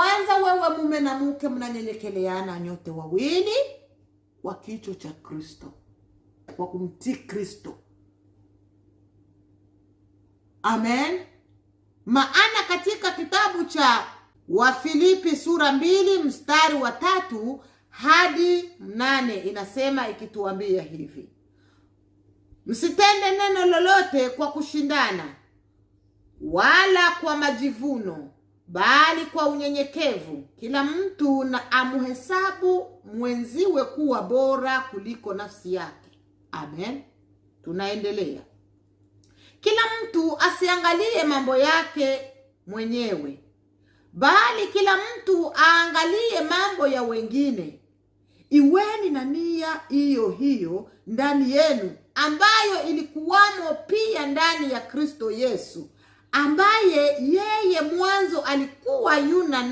Kwanza wewe mume na mke mnanyenyekeleana nyote wawili kwa kichwa cha Kristo, kwa kumtii Kristo. Amen. Maana katika kitabu cha Wafilipi sura mbili mstari wa tatu hadi nane inasema ikituambia hivi, msitende neno lolote kwa kushindana wala kwa majivuno bali kwa unyenyekevu kila mtu na amhesabu mwenziwe kuwa bora kuliko nafsi yake. Amen. Tunaendelea. Kila mtu asiangalie mambo yake mwenyewe, bali kila mtu aangalie mambo ya wengine. Iweni na nia hiyo hiyo ndani yenu, ambayo ilikuwamo pia ndani ya Kristo Yesu, ambaye yeye mwanzo alikuwa yuna